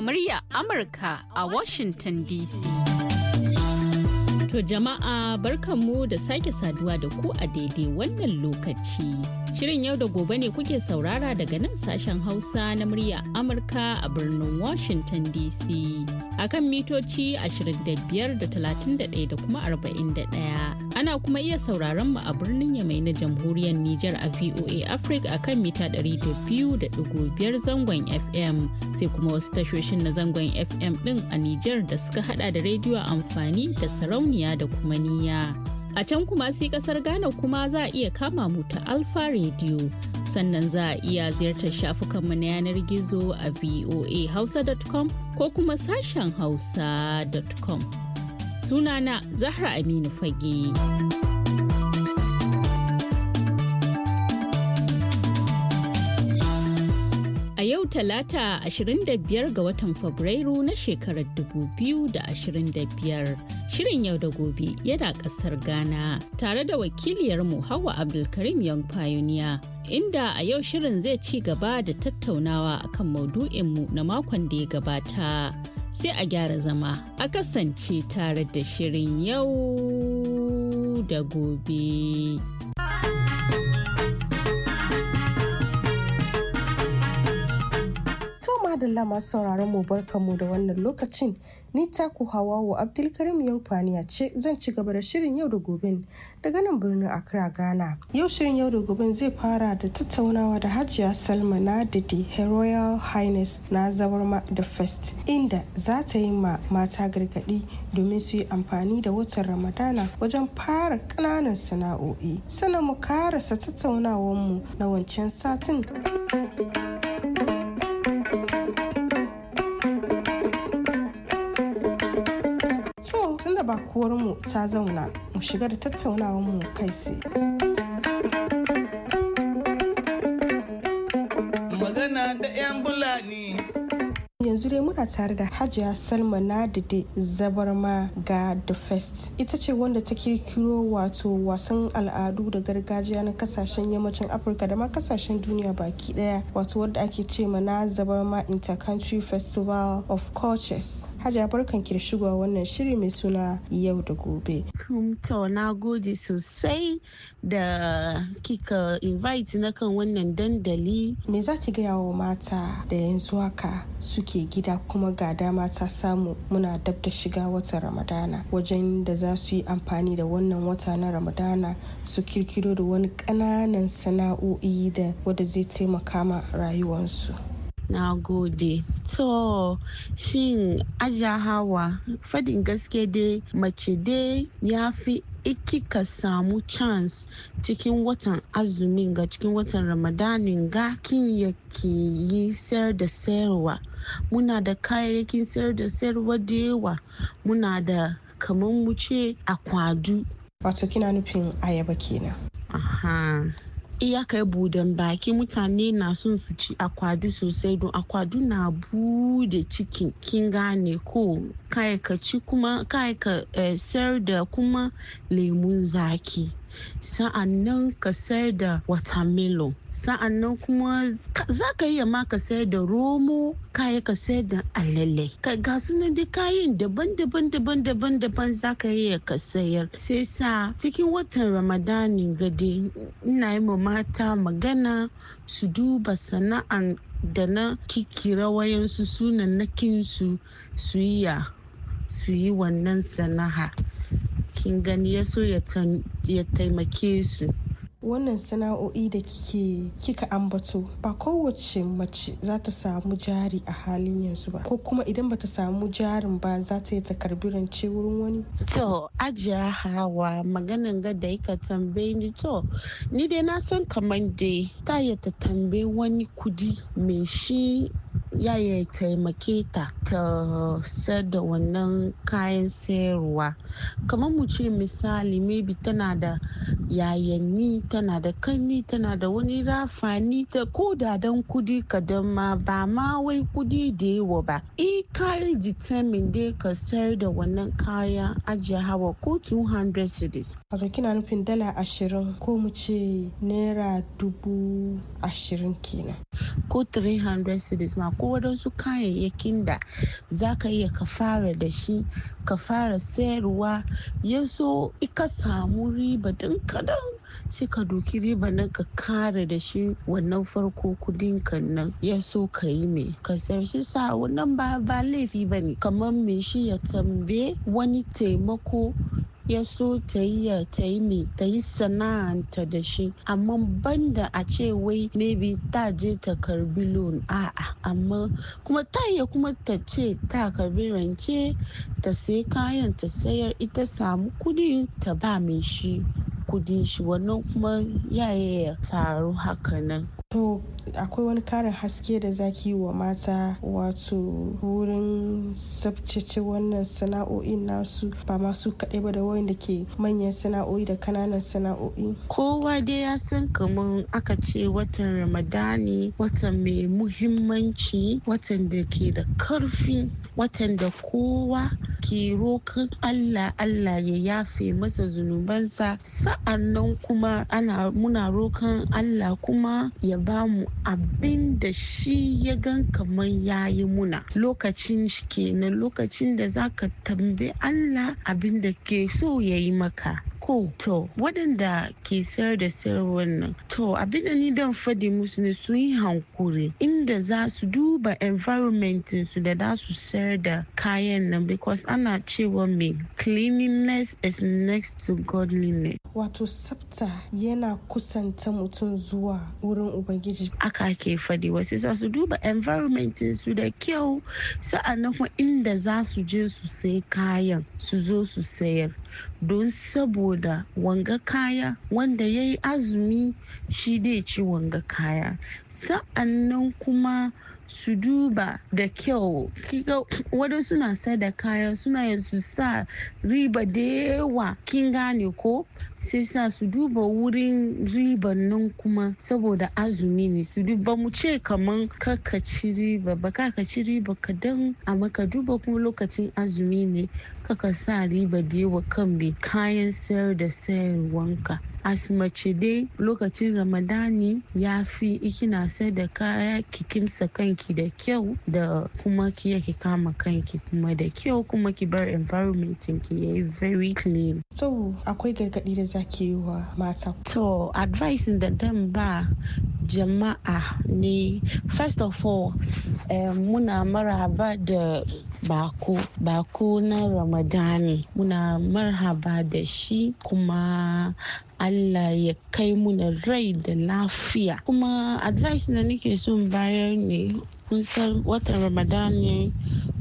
murya Amurka a Washington DC. To jama'a barkanmu da sake saduwa da ku a daidai wannan lokaci. Shirin yau da gobe ne kuke saurara daga nan sashen Hausa na murya Amurka a birnin Washington DC. a kan mitoci 25 da da kuma 41. Ana kuma iya sauraron mu a birnin Yamai na Jamhuriyar Nijar a VOA Africa a kan mita 200.5 zangon FM sai kuma wasu tashoshin na zangon FM din a Nijar da suka hada da rediyo amfani da sarauniya da kuma niya. A can kuma sai kasar Ghana kuma za a iya kama mu ta Alfa Radio. sannan za a iya ziyartar shafukanmu na yanar gizo a voahausa.com ko kuma sashen hausa.com sunana zahra aminu fage. talata 25 ga watan Fabrairu na shekarar 2025. Shirin yau da gobe yana kasar Ghana tare da wakiliyarmu Hawa Abdulkarim Young Pioneer. Inda a yau shirin zai ci gaba da tattaunawa akan maudu'inmu na makon da ya gabata. Sai a gyara zama a kasance tare da shirin yau da gobe. madalla masu sauraron mu barkamu da wannan lokacin ni taku hawawo abdulkarim yau faniya ce zan ci gaba da shirin yau da gobin daga nan birnin accra ghana yau shirin yau da gobin zai fara da tattaunawa da hajiya salma na didi royal highness na zawarma the first inda za ta yi ma mata gargadi domin su yi amfani da watan ramadana wajen fara kananan sana'o'i sannan mu karasa tattaunawanmu na wancan satin mu ta zauna mu shiga da tattaunawar mu kai sai. Magana da 'yan Bulani. yanzu dai muna tare da hajiya salma nadide zabarma ga the first ita ce wanda ta kirkiro wato wasan al'adu da gargajiya na kasashen yammacin afirka da ma kasashen duniya baki daya wato wadda ake ce na zabarma intercountry festival of cultures hajiya barkan ki da shigowa wannan shiri mai suna yau da gobe hm, to na gode sosai da kika invite na kan wannan dandali me za ta gaya wa mata da yanzu haka suke ke gida kuma ga dama ta samu muna dab da shiga wata ramadana wajen da za su yi amfani da wannan wata na ramadana su kirkiro da wani ƙananan sana'o'i da wadda zai taimaka ma rayuwarsu na gode to shin aja hawa fadin gaske dai mace dai ya fi kika samu chance cikin watan azumin ga cikin watan ramadanin ga kin yake yi sayar da sayarwa muna da kayayyakin sayar da sayarwa da yawa muna da kamar mu ce akwadu wato kina nufin ayaba kenan aha kai budan baki mutane na son su ci akwadu sosai don akwadu na bude cikin kin gane ko kai ka ci kuma kai eh, sayar da kuma lemun zaki sa'annan ka sayar da watermelon sa'annan kuma za ka iya ma ka sayar da romo kaya ka sayar da alele ka ga nan dai kayan daban-daban daban-daban daban za ka iya ka sayar sai sa cikin watan ramadani gade ina yi ma mata magana su duba sana'an da na kikira wayansu sunan nakinsu su yi wannan sana'a kin gani ya so ya taimake su wannan sana'o'i da kike kika ambato ba kowace mace za ta samu jari a halin yanzu ba ko kuma idan ba ta samu jarin ba za ta yi takarbi rance wurin wani to ajiya hawa maganin ga da ka tambaye ni to ni dai na san kamar dai ta ta tambaye wani kudi mai shi ya ya taimake ta ta sayar da wannan kayan sayarwa kamar mu ce misali maybe tana da yayanni tana da kanni tana da wani rafani ta ko da dan kudi kadan ma ba ma wai kudi da yawa ba e kayan determine dai ka sayar da wannan kaya ajiye hawa ko 200 cedis wato kina nufin dala ashirin ko mu ce naira dubu ashirin kenan ko 300 cedis ma ko wadansu kayayyakin da za ka iya ka fara da shi ka fara sayarwa ya so ika samu riba don ka kadan sai ka doki riba nan ka kare da shi wannan farko kudin ka nan ya so ka yi me ka sarshi sa wannan ba ba laifi ba ne kamar mai shi ya tambaye wani taimako ya so ta yi ya ta yi mai ta yi sana'anta da shi amma banda a ce wai maybe ta je ta karbi loan a'a amma kuma ta iya kuma ta ce ta karbi rance ta sai kayan ta sayar ita samu kudin ta ba mai shi kuɗin shi wannan kuma ya faru haka nan To akwai wani karin haske da zaki yi wa mata wato wurin tsabtace wannan sana'o'in nasu ba masu kaɗai ba da da ke manyan sana'o'i da kananan sana'o'i. Kowa dai ya san kamar aka ce watan Ramadani watan mai muhimmanci watan da ke da karfi watan da kowa ke rokan Allah Allah ya yafe masa zunubansa sa'annan kuma ana muna rokan Allah kuma ya ba mu abin da shi ya gan kamar ya yi muna lokacin shi kenan lokacin da za ka tambi Allah abin da ke so ya yi maka ko to waɗanda ke sayar da sayarwar nan, to abin da ni dan fadi musu ne su yi hankuri inda za su duba environment su da za su sayar da kayan nan because ana cewa me cleanliness is next to godliness wato tsafta yana kusanta mutum zuwa wurin ubangiji aka ke fadi wasu za su duba environment su da kyau sa'annan inda za su je su sai kayan su zo su sayar don saboda wanga kaya wanda ya yi azumi shi dai ci wanga kaya sa'annan kuma su duba da kyau kiga wani suna sai da kaya suna su sa riba da yawa kin gane ko sai sa su duba wurin riban nan kuma saboda azumi ne su duba mu ce kaman kakaci riba ba kakaci riba kadan amma ka duba kuma lokacin azumi ne kaka sa riba da yawa kan mai kayan sayar da sayarwanka asimace dai lokacin ramadani ya fi ikina sai da kaya ki kimsa kanki da kyau da kuma ki ki kama kanki kuma da kyau kuma ki bar environment ki yayi very clean so akwai gargadi da zaki yi wa mata to advice da dan ba jama'a ne first of all eh, muna maraba da bako bako na ramadani muna marhaba da shi kuma Allah ya kai muna rai da lafiya kuma advice da nake son bayar ne kun san watan ramadan ne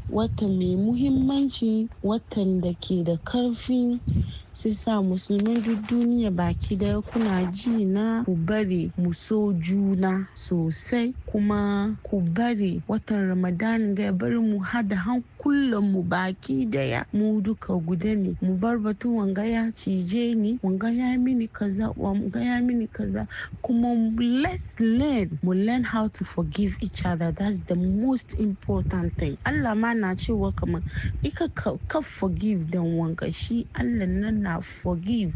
wata mai muhimmanci watan da ke da karfi sai sa musulmin duk duniya baki daya kuna ji na ku bari mu so juna sosai kuma ku bari watan ramadan ga bari mu hada hankulan mu baki daya mu duka guda ne mu bar batun wanga ya cije ni wanga ya mini kaza wanga ya mini kaza kuma let's learn mu learn how to forgive each other that's is the most important thing Allah ma na cewa kamar ika ka forgive dan wanka shi Allah nan na forgive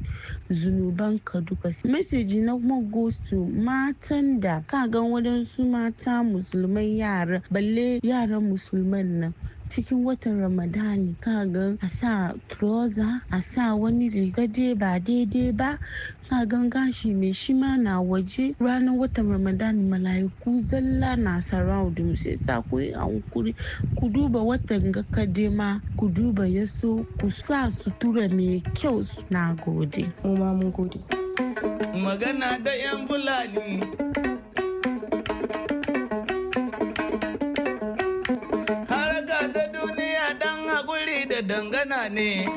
zunuban ka duka message na kuma goes to matan da ka ga wadansu mata musulman yara balle yaran musulman na, cikin watan ramadani ka ga a sa trouser a sa wani riga ba daidai ba ka gan gashi ne shi ma na waje ranar watan ramadan mala'iku zalla na da mu sai sa ku yi hankuri ku duba watan ga kadema ku duba yaso ku sa sutura mai kyau na gode. Magana da 'yan bulani Haraka ta duniya dan haƙuri da dangana ne.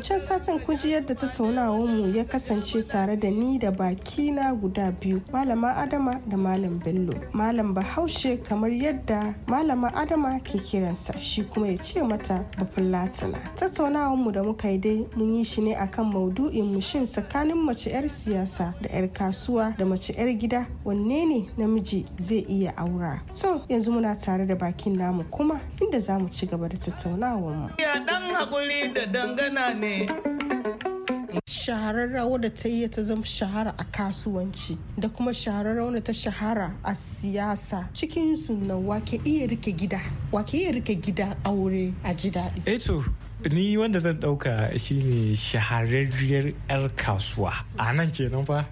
wancan satin kun ji yadda tattaunawar mu ya kasance tare da ni da baki na guda biyu malama adama da malam bello malam bahaushe kamar yadda malama adama ke kiransa shi kuma ya ce mata bafin latina tattaunawarmu mu da muka yi dai mun yi shi ne akan maudu'in mu shin tsakanin mace 'yar siyasa da 'yar kasuwa da mace 'yar gida wanne ne namiji zai iya aura to yanzu muna tare da bakin namu kuma inda za mu ci gaba da tattaunawar mu haƙuri da dangana ne shahararra da ta yi ta zama shahara a kasuwanci da kuma shahararra wadda ta shahara a siyasa cikin sunan wake iya rike gida wake iya rike gida aure a ji daɗi. eto eh ni wanda zan dauka shine shahararriyar 'yar kasuwa a nan kenan fa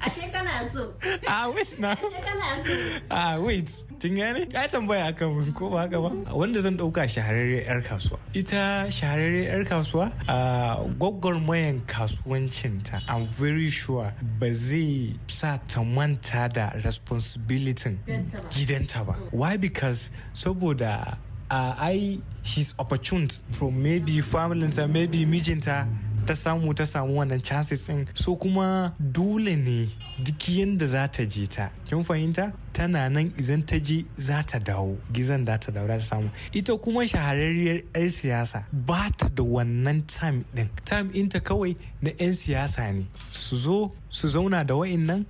ashe kana so a ah, wait na kana so a ah, wait tun gane ka tambaya akan ko ba haka ba wanda zan dauka shahararriyar 'yar kasuwa ita shahararriyar 'yar kasuwa a ah, gwagwarmayan kasuwancinta i'm very sure ba zai sa ta manta da responsibility gidanta ba why because saboda uh, ai she's opportuned from maybe familinta maybe mijinta ta samu ta samu wannan chances din so kuma dole ne duk yadda za ta je ta kin fahimta tana nan izan ta je za ta dawo gizan da ta daura samu ita kuma shahararriyar 'yar siyasa ba ta da wannan time din time inta kawai na 'yan siyasa ne su zo su zauna da nan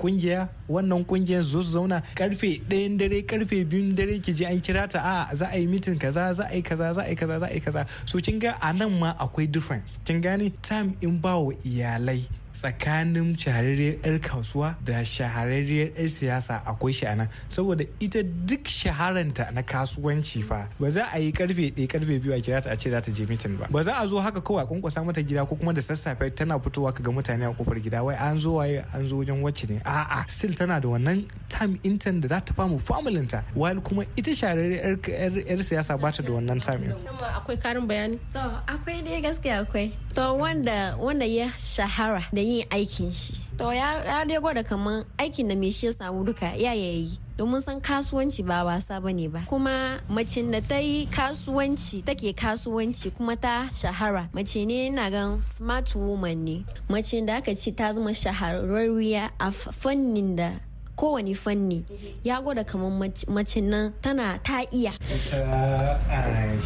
kungiya eh, wannan kungiyar su zo su zauna karfe ɗayan dare karfe biyun dare ki je an kira ta a za a yi mitin kaza za a yi kaza za a yi kaza za a yi kaza so kin ga a nan ma akwai difference kin gane time in ba wa iyalai tsakanin shahararriyar 'yar kasuwa da shahararriyar 'yar siyasa akwai shi anan saboda ita duk shaharanta na kasuwanci fa ba za a yi karfe ɗaya karfe biyu a kira ta a ce za ta je mitin ba ba za a zo haka kawai a kunkwasa mata gida ko kuma da sassafe tana fitowa ka ga mutane a kofar gida wai an zo waye an zo wajen wacce ne a'a still tana da wannan time intern da za ta famu famulinta wani kuma ita shahararriyar 'yar siyasa ba ta da wannan time akwai karin bayani to akwai dai gaskiya akwai to wanda wanda ya shahara da yin aikin shi to ya dai gwada kamar aikin da mai shi ya samu duka ya yayi domin san kasuwanci ba wasa ba ne ba kuma mace da ta yi kasuwanci take kasuwanci kuma ta shahara mace ne na gan smart woman ne mace da aka ce ta zama shahararriya a fannin da kowane fanni ya gwada kamar mace nan tana ta iya. Ta a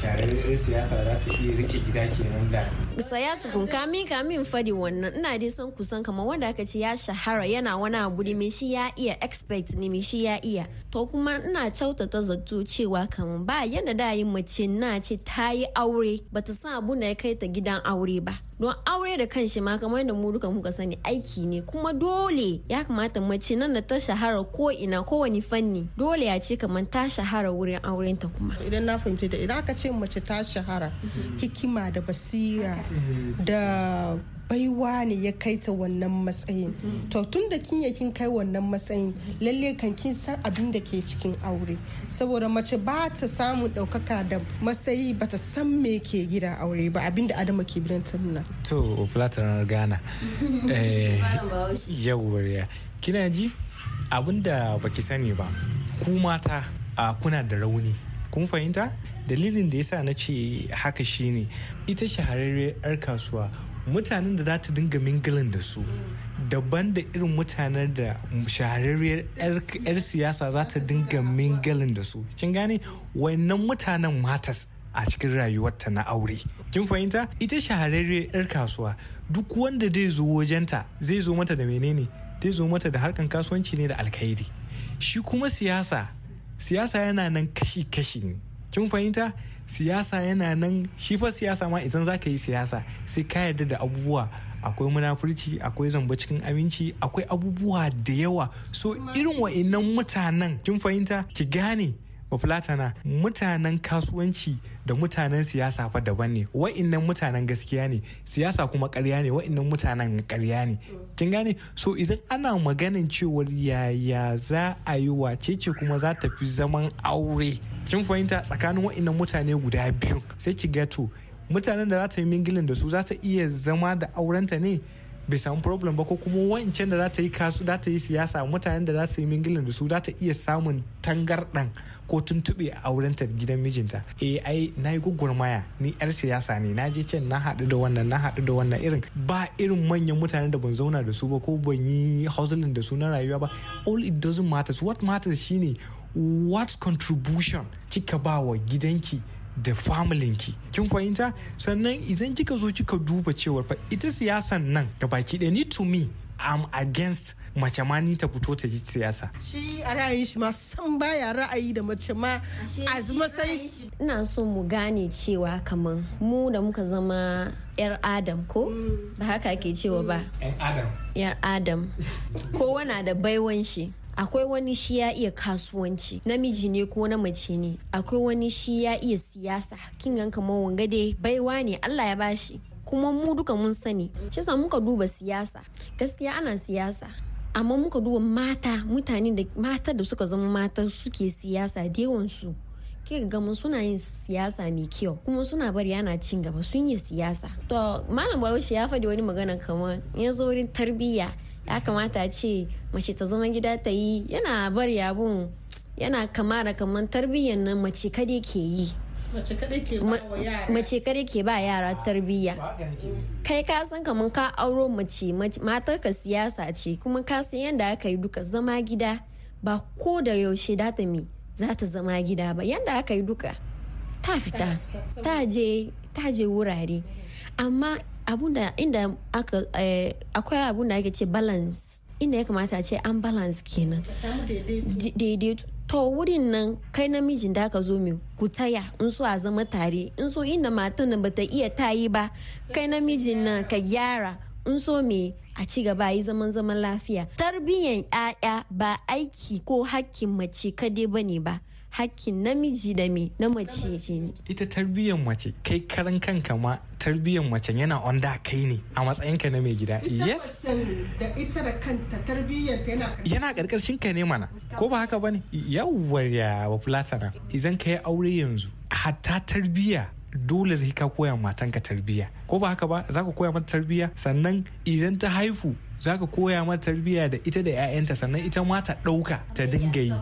siyasa za ta iya rike gida kenan da ya tukun kami kamin fadi wannan ina dai son kusan kamar wanda aka ce ya shahara yana wani abu ne me shi ya iya expect ne me shi ya iya. To kuma ina kyautata zato cewa kamar ba yanda da yi mace na ce ta yi aure ba ta san abu da ya kai ta gidan aure ba. don aure da kanshi ma kamar yadda mu duka muka sani aiki ne kuma dole ya kamata mace nan da ta shahara ko ina kowane fanni dole ya ce kamar ta shahara wurin aurenta kuma idan na fahimce ta idan aka ce mace ta shahara hikima da basira da baiwa ne ya kai ta wannan matsayin to tun da kin yakin kai wannan matsayin lalle kan kin san abin da ke cikin aure saboda mace ba ta samun ɗaukaka da matsayi ba ta san me ke gida aure ba abin da adama ke bidan ta nuna to platon gana yawwariya kina ji abin da baki sani ba ku mata kuna da rauni kun fahimta dalilin da yasa na ce haka shine ita shahararriyar 'yar kasuwa mutanen da za ta dinga mingilin da su daban da irin mutanen da shahararriyar 'yar siyasa za ta dinga mingilin da su kin gane wannan mutanen matas a cikin rayuwarta na aure kin fahimta ita shahararriyar 'yar kasuwa duk wanda zai zo wajenta zai zo mata da menene zai zo mata da harkan kasuwanci ne da alkhairi shi kuma siyasa siyasa yana nan kashi-kashi ne kin fahimta siyasa yana nan shi fa siyasa ma idan za ka yi siyasa sai ka yarda da abubuwa akwai munafurci akwai zamba cikin aminci akwai abubuwa da yawa so irin wa'innan mutanen kin fahimta ki gane bafulatana mutanen kasuwanci da mutanen siyasa fa daban ne wa'innan mutanen gaskiya ne siyasa kuma karya ne wa'innan mutanen karya ne kin gane so idan ana maganin cewar yaya za a yi wace ce kuma za ta fi zaman aure kin fahimta tsakanin wa'innan mutane guda biyu sai ki gato mutanen da za ta yi mingilin da su za ta iya zama da aurenta ne bai samu problem ba ko kuma wancan da za ta yi kasu za ta yi siyasa mutanen da za su yi mingilan da su za ta iya samun tangardan ko tuntuɓe a aurenta gidan mijinta eh ai na yi gugurmaya ni yar siyasa ne na je can na haɗu da wannan na haɗu da wannan irin ba irin manyan mutanen da ban zauna da su ba ko ban yi hausalin da su na rayuwa ba all it doesn't matters what matters shine what contribution kika ba wa gidanki da familinki kin fahimta sannan idan kika zo kika duba cewar fa ita siyasan nan ga baki ɗaya ni to me am against mace ma ni ta fito ta ji siyasa. Shi a ra'ayin shi ma san baya ra'ayi da mace ma a matsayin shi. Ina so mu gane cewa kaman mu da muka zama yar adam ko mm. ba haka ake cewa ba. Yar adam. Yar adam. Kowa na da baiwan shi. akwai wani shi ya iya kasuwanci namiji ne ko na mace ne akwai wani shi ya iya siyasa kin gan kamar wanga dai baiwa ne Allah ya bashi kuma mu duka mun sani shi sa muka duba siyasa gaskiya ana siyasa amma muka duba mata mutane da mata da suka zama mata suke siyasa da su kika ga mun suna yin siyasa mai kyau kuma suna bari yana cin gaba sun yi siyasa to malam shi ya faɗi wani magana kamar ya zo wurin tarbiyya ya kamata a ce mace ta zama gida ta yi yana bar yabun yana kama kamar tarbiyyar nan mace kadai ke yi mace ke ba yara tarbiyya kai ka san kamar ka auro mace matar ka siyasa ce kuma ka san yadda aka yi duka zama gida ba ko da yaushe data mi za ta zama gida ba yadda aka yi duka ta fita ta je wurare amma abunda inda aka eh, akwai abunda ake ce balance inda ya kamata ce an balance kenan daidaito to wurin nan kai namijin da aka zo mai ku taya in so a zama tare in so inda matan nan bata iya tayi ba kai namijin nan ka gyara in so me a ci gaba yi zaman zaman lafiya tarbiyyan 'ya'ya ba aiki ko hakkin mace kadai bane ba hakkin namiji da mi na mace ne. Ita tarbiyyar mace kai karan kanka ma tarbiyyar mace yana onda kai ne a matsayinka na mai gida. Yes. ita da kanta tarbiyyar ta yana karkashin. Yana karkashin ka ne mana. Ko ba haka bane? Yawwa ya wa fulatana. izan ka yi aure yanzu hatta tarbiyya dole sai ka koya matanka tarbiyya ko ba haka ba za ka koya mata tarbiyya sannan idan ta haifu za ka koya mata tarbiyya da ita da 'ya'yanta sannan ita ma ta ɗauka ta dinga yi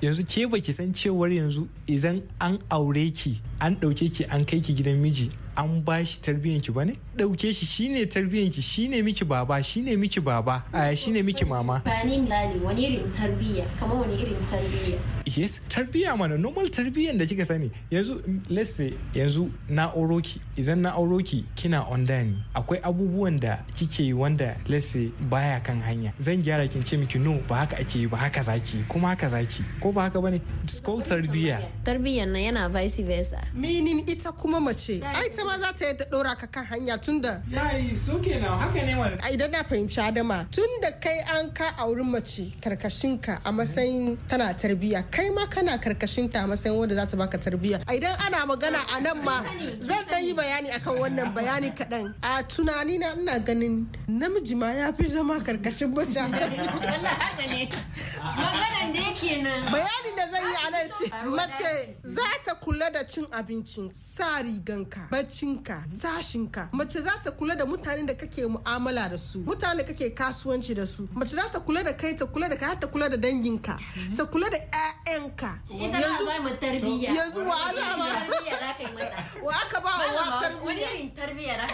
yanzu ke baki san cewar yanzu idan an aure ki an ɗauke ki an kai ki gidan miji an ba shi tarbiyyanki ba ne ɗauke shi shine tarbiyyanki shine miki baba shine miki baba a shine miki mama ba ni misali wani irin tarbiyya kama wani irin tarbiyya yes tarbiyya mana normal tarbiyyan da kika sani yanzu let's say yanzu na oroki idan na oroki kina on ni akwai abubuwan da kike yi wanda let's say baya kan hanya zan gyara kin ce miki no ba haka ake yi ba haka zaki kuma haka zaki ko ba haka bane it's called tarbiyya tarbiyyan na yana vice versa meaning ita kuma mace ai ta ma za ta yadda ɗora ka kan hanya tunda. ya yi su kenan haka ne wani. a Idan na fahimci Adama tunda kai an ka auri mace karkashin ka a matsayin tana tarbiyya kai ma kana karkashin ta a matsayin wanda za ta baka tarbiyya. a Idan ana magana a nan ma zan dan yi bayani akan wannan bayani kaɗan. A tunani na ina ganin namiji ma ya fi zama karkashin mace. Wallah haka ne. Maganan da yake nan. bayani da zan yi a nan shi mace za ta kula da cin abincin sa riganka. Mace abincinka sashinka mace za ta kula da mutanen da kake mu'amala da su mutanen da kake kasuwanci da su mace za ta kula da kai ta kula da kai ta kula da danginka ta kula da ƴaƴanka yanzu yanzu wa ala ma wa aka ba wa tarbiyya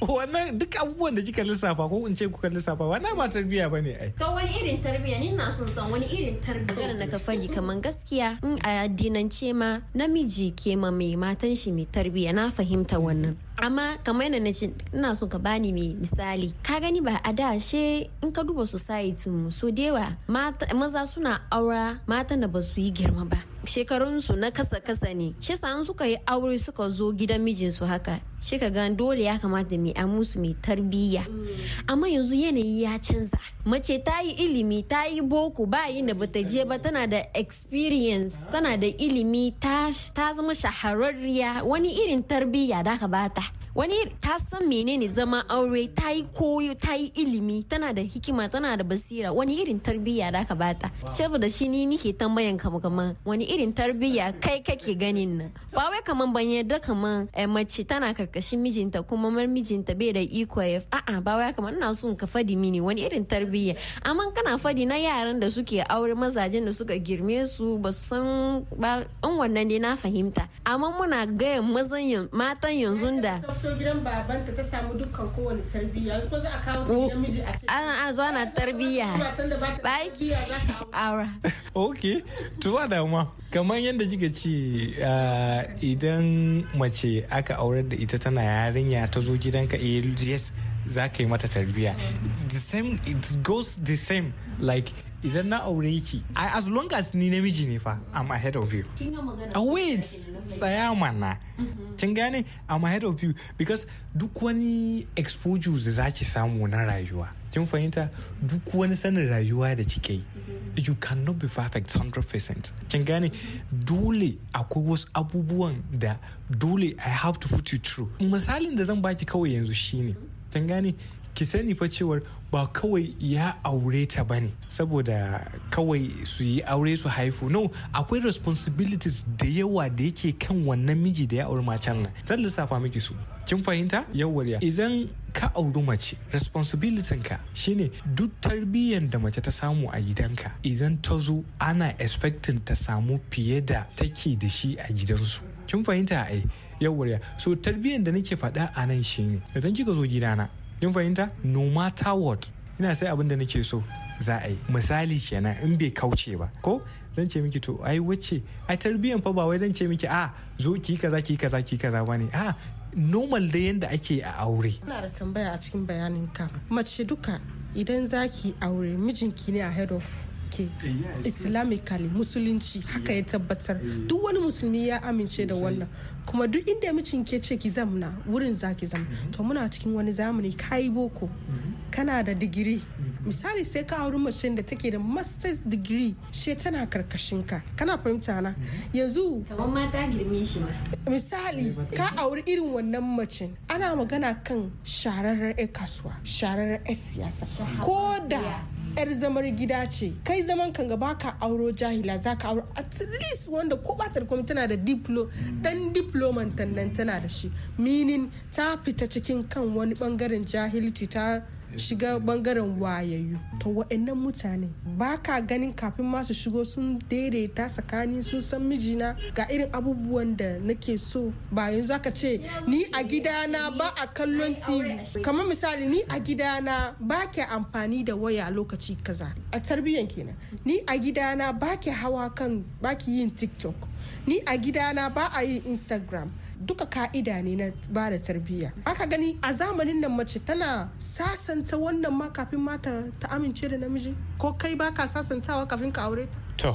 wannan duk abubuwan da kika lissafa ko in ce kuka lissafa wannan ba tarbiyya bane ai to wani irin tarbiyya ni na son san wani irin tarbiyya na ka fadi kaman gaskiya in a addinance ma namiji ke ma mai matan shi mai tarbiyya na fahimta wannan amma kamar yana na ce ina so ka bani mai misali ka gani ba a da she in ka duba society mu so dewa maza suna aura mata da ba su yi girma ba shekarunsu na kasa kasa ne shi an suka yi aure suka zo gidan mijinsu haka shi ka gan dole ya kamata mai amusu mai tarbiyya amma yanzu yanayi ya canza mace ta yi ilimi ta yi boko ba yi da bata je ba tana da experience tana da ilimi ta zama shahararriya wani irin tarbiyya da ka bata wani ta san menene zama aure ta yi koyo ta yi ilimi tana da hikima tana da basira wani irin tarbiyya da ka bata da shi ni nike tambayan kama kama wani irin tarbiyya kai kake ganin nan ba wai kaman ban yarda kaman eh, mace tana karkashin mijinta kuma mar mijinta bai da iko ya a'a ba wai kaman ina son ka fadi mini wani irin tarbiyya amma kana fadi na yaran da suke aure mazajen da suka girme su ba su san ba in wannan dai na fahimta amma muna gaya mazan matan yanzu da fito gidan babanta ta samu dukkan kowane tarbiyya kuma za a kawo a ce an ah, zo na tarbiyya baki aura okay to ba kamar yadda kika ce ah, idan mace aka aurar da ita tana yarinya ta zo gidanka eh, yes za ka yi mata tarbiyya the same it goes the same like izan na aure ki I, as long as ni namiji ne fa I'm ahead of you a ah, wait tsaya mana mm-hmm. kin gane I'm ahead of you because duk wani exposure da zaki samu na rayuwa kin fahimta duk wani sanin rayuwa da kike yi mm-hmm. you cannot be perfect 100% kin gane dole akwai wasu abubuwan da dole I have to put you through misalin da zan baki kawai yanzu shine mm-hmm. kin gane ki sani fa cewar ba kawai ya aure ta ba ne saboda kawai su yi aure su haifu no akwai responsibilities da yawa da yake kan wannan miji da ya auri macen nan zan lissafa miki su kin fahimta yawwariya idan ka auri mace responsibilitin ka shine duk tarbiyyar da mace ta samu a gidanka idan ta zo ana expecting ta samu fiye da take da shi a gidansu kin fahimta ai yawwariya so tarbiyyar da nake faɗa a nan shine idan kika zo gidana kin fahimta no matter what ina sai abin da nake so za a yi misali kenan in bai kauce ba ko zan ce miki to ai wacce ai tarbiyyan fa ba wai zan ce miki a zo ki kaza ki kaza ki kaza bane a normal da yanda ake a aure ina da tambaya a cikin bayanin ka mace duka idan zaki aure mijinki ne a head of yake musulunci haka ya tabbatar duk wani musulmi ya amince da wannan kuma duk inda mijin ke ce ki zamna wurin za ki zamna mhm. to muna cikin wani zamani ka yi boko mhm. kana da digiri mhm. misali sai ka auri mace da take da master's digiri she tana karkashin ka kana fahimta na yanzu kamar mata girme shi ma misali eh, ka auri irin wannan mace ana magana kan shararren 'yan kasuwa shararren 'yan siyasa ko da yar zamar gida ce kai zaman kan gaba ka auro jahila zaka auro at least wanda ko ba kuma tana da diplo dan diploman tannan tana da shi minin ta fita cikin kan wani bangaren jahilci ta shiga bangaren wayayu to wa'annan mutane ba ka ganin kafin masu shigo sun daidaita tsakanin sun san mijina ga irin abubuwan da nake so ba yanzu aka ce ni a gidana ba a kallon tv kamar misali ni a gidana ba ke amfani da waya lokaci kaza a tarbiyyan kenan ni a gidana ba ke hawa kan ba ki yin tiktok ni a gidana ba a yin instagram duka ka'ida ne na ba da tarbiyya aka gani a zamanin nan mace tana sasanta wannan ma kafin mata ta amince da namiji ko kai baka sasantawa kafin ka aure ta to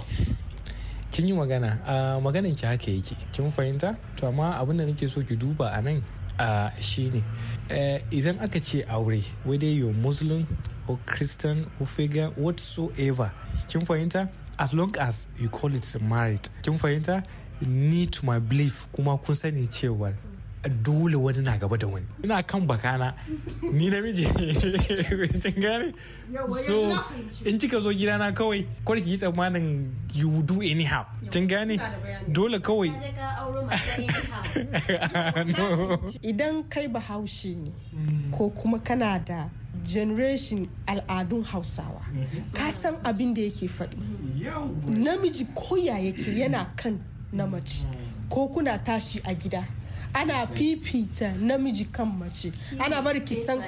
kin yi magana uh, maganin ki haka yake kin fahimta to amma abin da nake so ki duba a nan uh, shine e, idan aka ce aure whether you muslim or christian or figure whatsoever kin fahimta as long as you call it married kin fahimta ni to my belief kuma kun sani cewa dole wani na gaba da wani ina kan bakana ni namiji gane so in kika zo gidana kawai ko ki tsammanin you do anyhow kin gane dole kawai idan kai bahaushe ne mm. ko kuma kana da generation al'adun hausawa mm-hmm. ka san abin da yake faɗi namiji koya yake yana kan na mace ko kuna tashi a gida ana fifita namiji kan mace ana bari kisan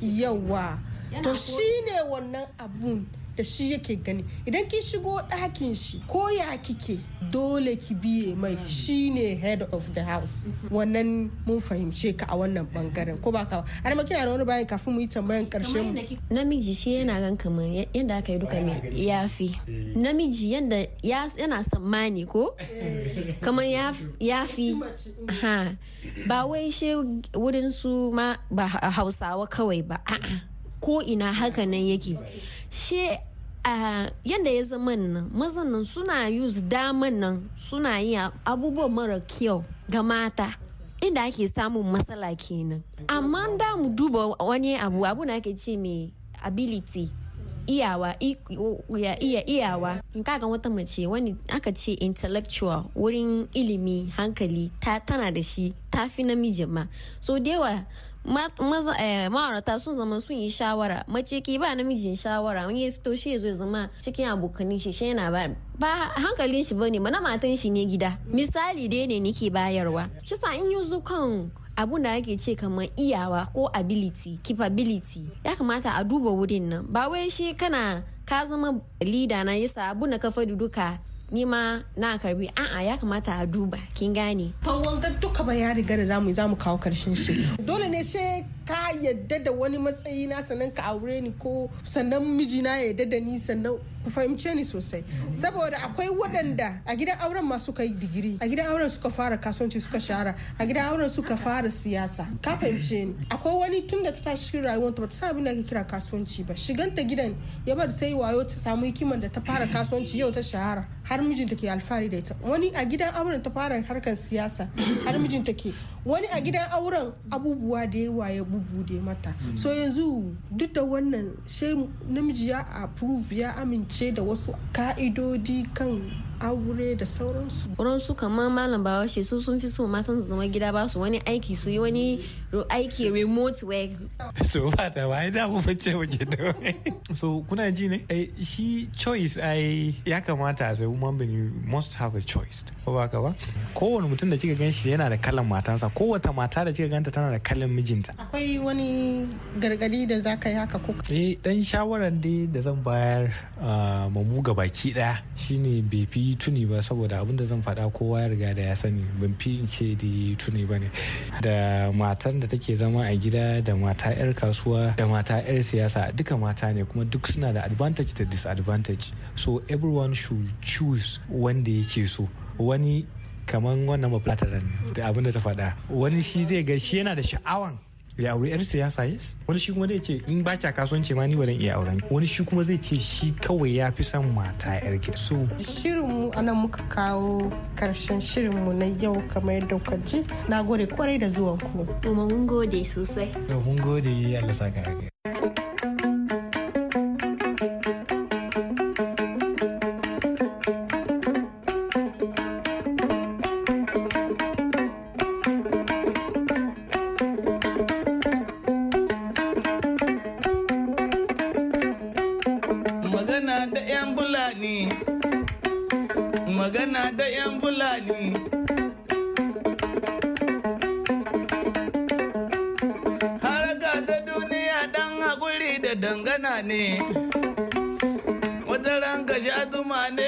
yawa to shine wannan abun da shi yake gani idan ki shigo ɗakin shi ko ya kike dole ki biye mai shine head of the house wannan mun fahimce ka a wannan bangaren ko ba kawo har ma kina da wani bayan kafin mu yi tambayan karshen mu. namiji shi yana gan kamar yadda aka yi duka mai yafi eh. namiji yadda yana tsammani ko eh. kamar yafi eh. ha ba wai shi wurin su ma ba hausawa kawai ba a'a ko ina haka nan yake she Uh, yadda ya zama nan mazan nan suna use daman nan suna yi abubuwa mara kyau ga mata inda ake samun matsala kenan amma da mu duba wani abu abu na ake ce mai ability iyawa ya iya iyawa kaga wata mace wani aka ce intellectual wurin ilimi hankali ta tana da shi ta fi namiji ma so da yawa eh, ma'aurata sun zama sun yi shawara mace ki ba namijin shawara wani ya fito shi zo zama cikin abokanin shi yana ba ba hankalin shi bane na matan shi ne gida misali dai ne nake bayarwa shi sa in yi zukan abun da ake ce kamar iyawa ko ability capability ya kamata a duba wurin nan ba wai shi kana ka zama leader na yasa abun da ka fadi duka ni ma na karbi a'a ya kamata a duba kin gane. Hawan duka bayani gada zamu zamu kawo karshen shi. Dole ne sai ka yadda da wani matsayi na sannan ka aure ni ko sannan miji na yadda da ni sannan ku fahimce ni sosai saboda akwai waɗanda a gidan auren ma suka yi digiri a gidan auren suka fara kasuwanci suka shara a gidan auren suka fara siyasa ka fahimce ni akwai wani tun da ta tashi cikin rayuwar ta bata san abin da ake kira kasuwanci ba shiganta gidan ya bar sai wayo ta samu hikimar da ta fara kasuwanci yau ta shahara har mijinta ke alfahari da ita wani a gidan auren ta fara harkar siyasa har mijinta ke wani a gidan auren abubuwa da yawa ya bu ya mata hmm. so yanzu duk da wannan sai namiji ya approve ya amince da wasu ka'idodi kan aure da sauransu. Wurin su kamar malam bawa su sun fi so matan su zama gida ba su wani aiki su yi wani aiki remote work so ba ta ba da damu fice waje da so kuna ji ne eh, shi choice ai ya kamata as a woman you must have a choice ko ba ka ba kowane mutum da kika gan shi yana da kallon matansa kowace mata da kika ganta tana da kallon mijinta akwai wani gargadi da za ka yi haka ko eh dan shawaran dai da zan bayar mamu ga baki daya shine bai fi tuni ba saboda abin da zan faɗa kowa ya riga da ya sani ban fi in ce da tuni ba ne da matan da take zama a gida da mata 'yar kasuwa da mata 'yar siyasa duka mata ne kuma duk suna da advantage da disadvantage so everyone should choose wanda yake so wani kamar wannan mafilataran da abin da ta faɗa wani shi zai ga shi yana da sha'awan ya aure yar siyasa yes wani shi kuma zai ce in ba kya kasuwanci ma ni ba iya auren wani shi kuma zai ce shi kawai ya fi son mata yar gida so shirin mu anan muka kawo karshen shirin mu na yau kamar yadda kuka ji na gode kwarai da zuwan ku mun gode sosai mun gode Allah saka da dangana ne wata ka sha zuma ne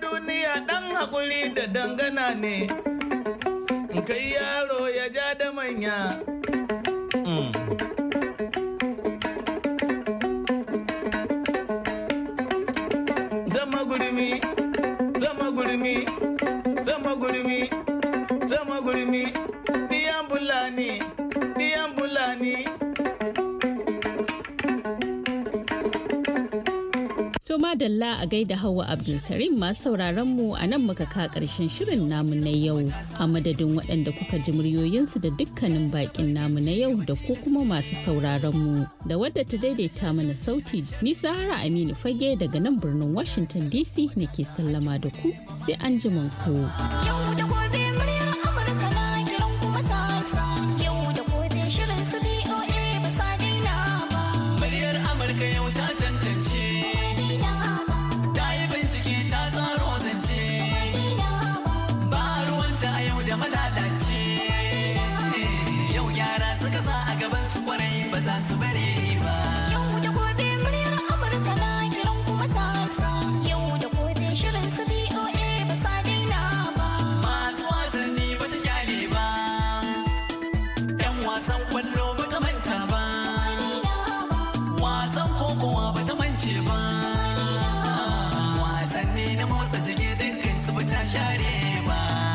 duniya ɗan hakuri da dangana ne kai yaro ya ja da manya a gaida Hauwa Abdulkarim masu sauraron mu a nan muka ka karshen shirin namu na yau a madadin waɗanda kuka ji muryoyinsu da dukkanin bakin namu na yau da ku kuma masu sauraron mu da wadda ta daidaita mana sauti ni Sahara Aminu Fage daga nan birnin Washington DC nake sallama da ku sai an ku. Bye.